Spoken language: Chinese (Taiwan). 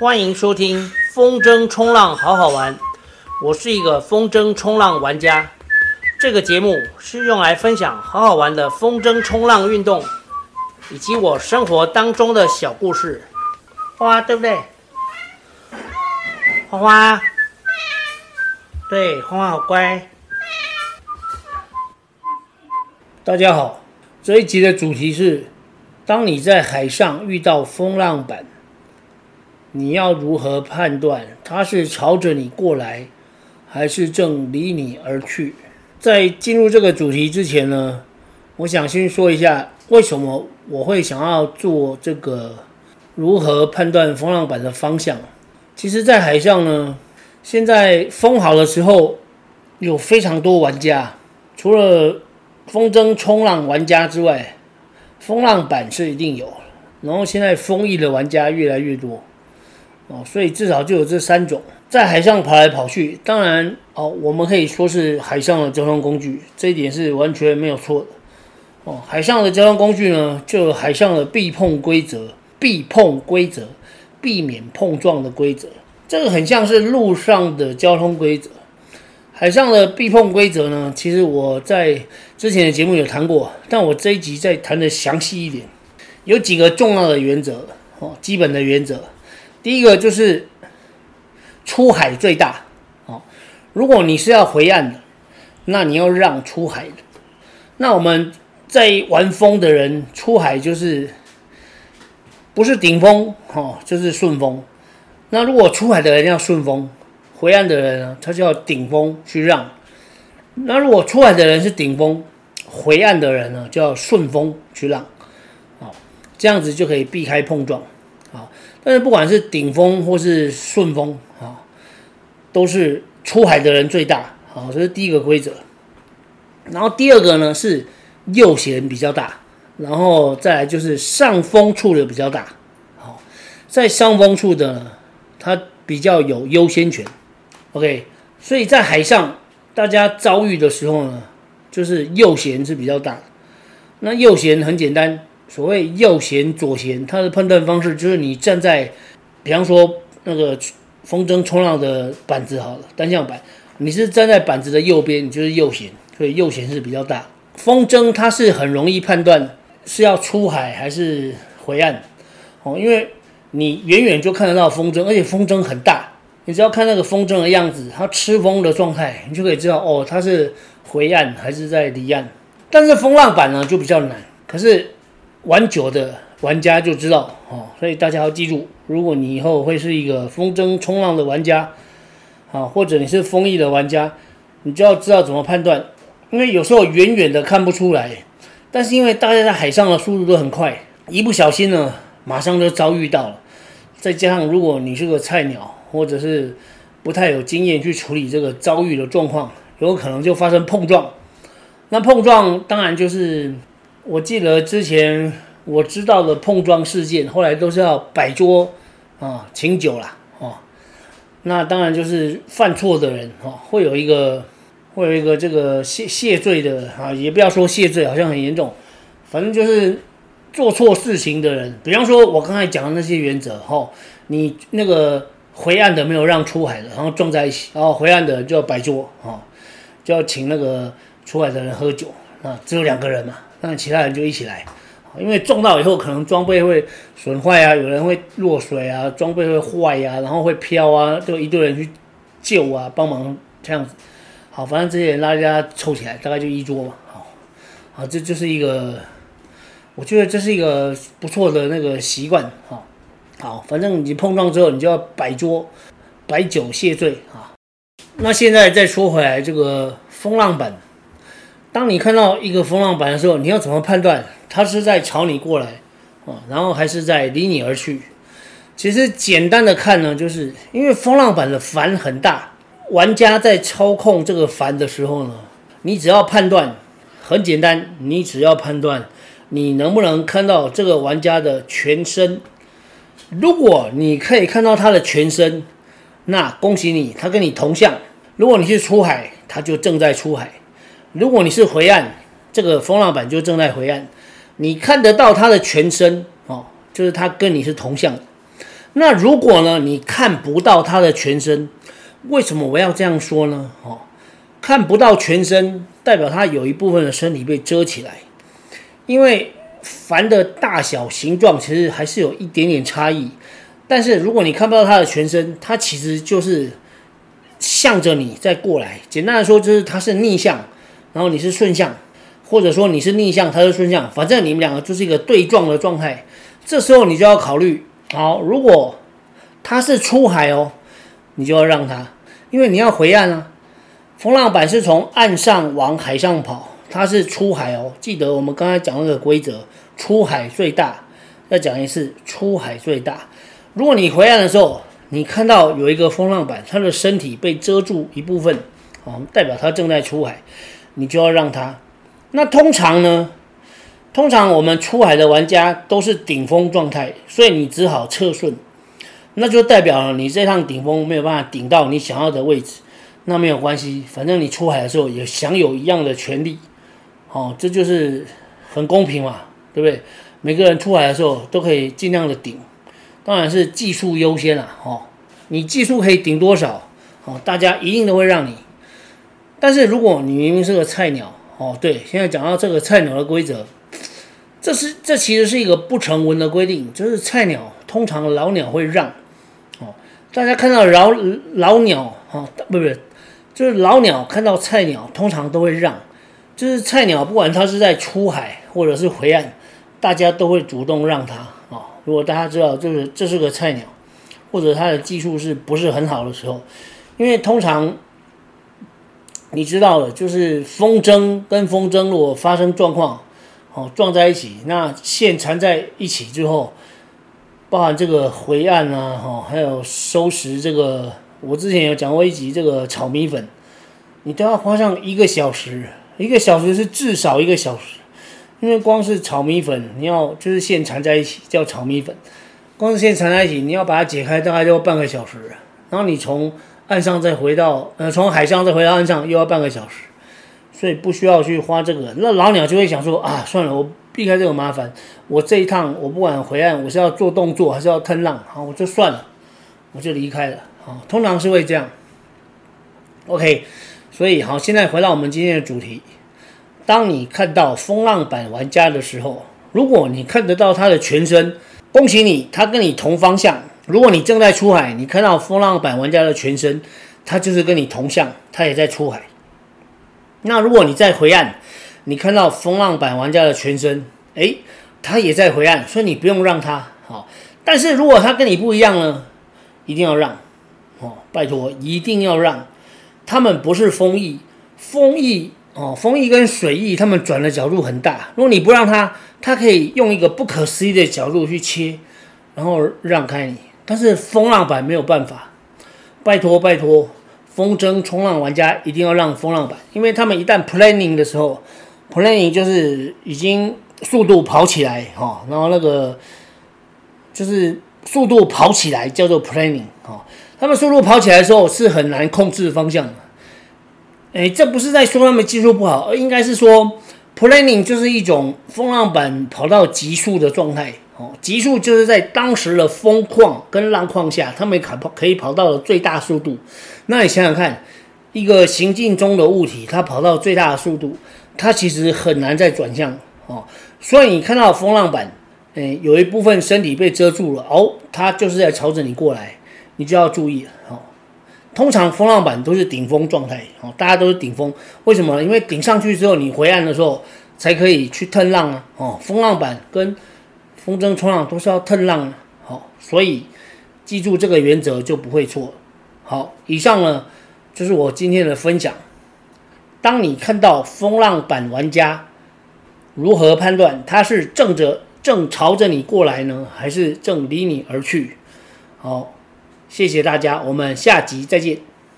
歡迎收聽風箏衝浪，好好玩。我是一個風箏衝浪玩家，這個節目是用來分享好好玩的風箏衝浪運動，以及我生活當中的小故事。花花，對不對？花花，對，花花好乖。大家好，這一集的主題是：當你在海上遇到風浪板。你要如何判斷它是朝着你過來，還是正離你而去？在進入這個主題之前呢，我想先說一下為什麼我會想要做這個如何判斷風浪板的方向。其實，在海上呢，現在風好的時候，有非常多玩家，除了風箏衝浪玩家之外，風浪板是一定有。然後，現在風翼的玩家越來越多。哦，所以至少就有這三種在海上跑來跑去。當然，哦，我們可以說是海上的交通工具，這一點是完全沒有錯的。哦，海上的交通工具呢，就有海上的避碰規則，避碰規則，避免碰撞的規則，這個很像是路上的交通規則。海上的避碰規則呢，其實我在之前的節目有談過，但我這一集再談得詳細一點，有幾個重要的原則，哦，基本的原則。第一個就是出海最大哦，如果你是要回岸的，那你要讓出海的。那我們在玩風的人出海就是不是頂風哦，就是順風。那如果出海的人要順風，回岸的人呢，他就要頂風去讓。那如果出海的人是頂風，回岸的人呢，就要順風去讓哦，這樣子就可以避開碰撞。但是不管是頂風或是順風啊，都是出海的人最大啊，這是第一個規則。然後第二個呢是右舷比較大，然後再來就是上風處的比較大。好，在上風處的呢，它比較有優先權。OK，所以在海上大家遭遇的時候呢，就是右舷是比較大。那右舷很簡單。所謂右舷、左舷，它的判斷方式就是你站在，比方說那個風箏衝浪的板子好了，單向板，你是站在板子的右邊，你就是右舷，所以右舷是比較大。風箏它是很容易判斷是要出海還是回岸，哦，因為你遠遠就看得到風箏，而且風箏很大，你只要看那個風箏的樣子，它吃風的狀態，你就可以知道哦，它是回岸還是在離岸。但是風浪板呢就比較難，可是。玩久的玩家就知道哦，所以大家要記住，如果你以後會是一個風箏衝浪的玩家，啊，或者你是風翼的玩家，你就要知道怎麼判斷，因為有時候遠遠的看不出來，但是因為大家在海上的速度都很快，一不小心呢，馬上就遭遇到了。再加上如果你是個菜鳥，或者是不太有經驗去處理這個遭遇的狀況，有可能就發生碰撞。那碰撞當然就是。我記得之前我知道的碰撞事件，後來都是要擺桌啊，請酒啦哦、啊。那當然就是犯錯的人哈、啊，會有一個會有一個這個謝謝罪的啊，也不要說謝罪，好像很嚴重。反正就是做錯事情的人，比方說我剛才講的那些原則哈、啊，你那個回岸的沒有讓出海的，然、啊、後撞在一起，然後回岸的就要擺桌啊，就要請那個出海的人喝酒。啊，只有兩個人嘛、啊。那其他人就一起來，因為撞到以後可能裝備會損壞啊，有人會落水啊，裝備會壞呀、啊，然後會飄啊，就一堆人去救啊，幫忙這樣子。好，反正這些人大家湊起來，大概就一桌吧，好。好，這就是一個，我覺得這是一個不錯的那個習慣。哈，好，反正你碰撞之後，你就要擺桌擺酒謝罪啊。那現在再說回來，這個風浪板。當你看到一個風浪板的時候，你要怎麼判斷它是在朝你過來啊，然後還是在離你而去？其實簡單的看呢，就是因為風浪板的帆很大，玩家在操控這個帆的時候呢，你只要判斷很簡單，你只要判斷你能不能看到這個玩家的全身。如果你可以看到他的全身，那恭喜你，他跟你同向；如果你去出海，他就正在出海。如果你是回岸，這個風浪板就正在回岸，你看得到它的全身哦，就是它跟你是同向的。那如果呢，你看不到它的全身，為什麼我要這樣說呢？哦，看不到全身，代表它有一部分的身體被遮起來。因為帆的大小、形狀其實還是有一點點差異，但是如果你看不到它的全身，它其實就是向着你再過來。簡單的說，就是它是逆向。然後你是順向，或者說你是逆向，它是順向，反正你們兩個就是一個對撞的狀態。這時候你就要考慮，好，如果它是出海哦，你就要讓它，因為你要回岸啊。風浪板是從岸上往海上跑，它是出海哦。記得我們剛才講那個規則，出海最大。再講一次，出海最大。如果你回岸的時候，你看到有一個風浪板，它的身體被遮住一部分，代表它正在出海。你就要讓他，那通常呢？通常我們出海的玩家都是頂峰狀態，所以你只好側順，那就代表了你這趟頂峰沒有辦法頂到你想要的位置。那沒有關係，反正你出海的時候也享有一樣的權利，哦，這就是很公平嘛，對不對？每個人出海的時候都可以盡量的頂，當然是技術優先了啊，哦，你技術可以頂多少，哦，大家一定都會讓你。但是如果你明明是個菜鳥哦，對，現在講到這個菜鳥的規則，這是這其實是一個不成文的規定，就是菜鳥通常老鳥會讓哦，大家看到老老鳥哈、哦，不不，就是老鳥看到菜鳥通常都會讓，就是菜鳥不管它是在出海或者是回岸，大家都會主動讓它哦。如果大家知道這、就是這是個菜鳥，或者它的技術是不是很好的時候，因為通常。你知道了，就是風箏跟風箏如果發生狀況，哦，撞在一起，那線纏在一起之後，包含這個回岸啊，哈、哦，還有收拾這個，我之前有講過一集這個炒米粉，你都要花上一個小時，一個小時是至少一個小時，因為光是炒米粉，你要就是線纏在一起叫炒米粉，光是線纏在一起，你要把它解開大概要半個小時，然後你從。岸上再回到，呃，從海上再回到岸上又要半個小時，所以不需要去花這個。那老鳥就會想說啊，算了，我避開這個麻煩，我這一趟我不管回岸，我是要做動作還是要吞浪。好，我就算了，我就離開了。好，通常是會這樣。OK，所以好，現在回到我們今天的主題。當你看到風浪板玩家的時候，如果你看得到他的全身，恭喜你，他跟你同方向。如果你正在出海，你看到風浪板玩家的全身，他就是跟你同向，他也在出海。那如果你在回岸，你看到風浪板玩家的全身，誒，他也在回岸，所以你不用讓他好哦。但是如果他跟你不一樣呢，一定要讓哦，拜托，一定要讓，他們不是風翼，風翼哦，風翼跟水翼，他們轉的角度很大。如果你不讓他，他可以用一個不可思議的角度去切，然後讓開你。但是風浪板沒有辦法，拜托拜托，風箏衝浪玩家一定要讓風浪板，因為他們一旦 planning 的時候，planning 就是已經速度跑起來哦，然後那個就是速度跑起來叫做 planning 哦，他們速度跑起來的時候是很難控制方向的。哎，這不是在說他們技術不好，而應該是說 planning 就是一種風浪板跑到極速的狀態。極速，哦，就是在當時的風況跟浪況下，它們可跑可以跑到了最大速度。那你想想看，一個行進中的物體，它跑到最大的速度，它其實很難再轉向哦。所以你看到風浪板，誒，欸，有一部分身體被遮住了哦，它就是在朝着你過來，你就要注意哦。通常風浪板都是頂風狀態哦，大家都是頂風。為什麼？因為頂上去之後，你回岸的時候才可以去蹭浪啊。哦，風浪板跟風箏衝浪都是要蹭浪的，好，所以記住這個原則就不會錯。好，以上呢，就是我今天的分享。當你看到風浪板玩家，如何判斷他是正着正朝着你過來呢，還是正離你而去？好，謝謝大家，我們下集再見。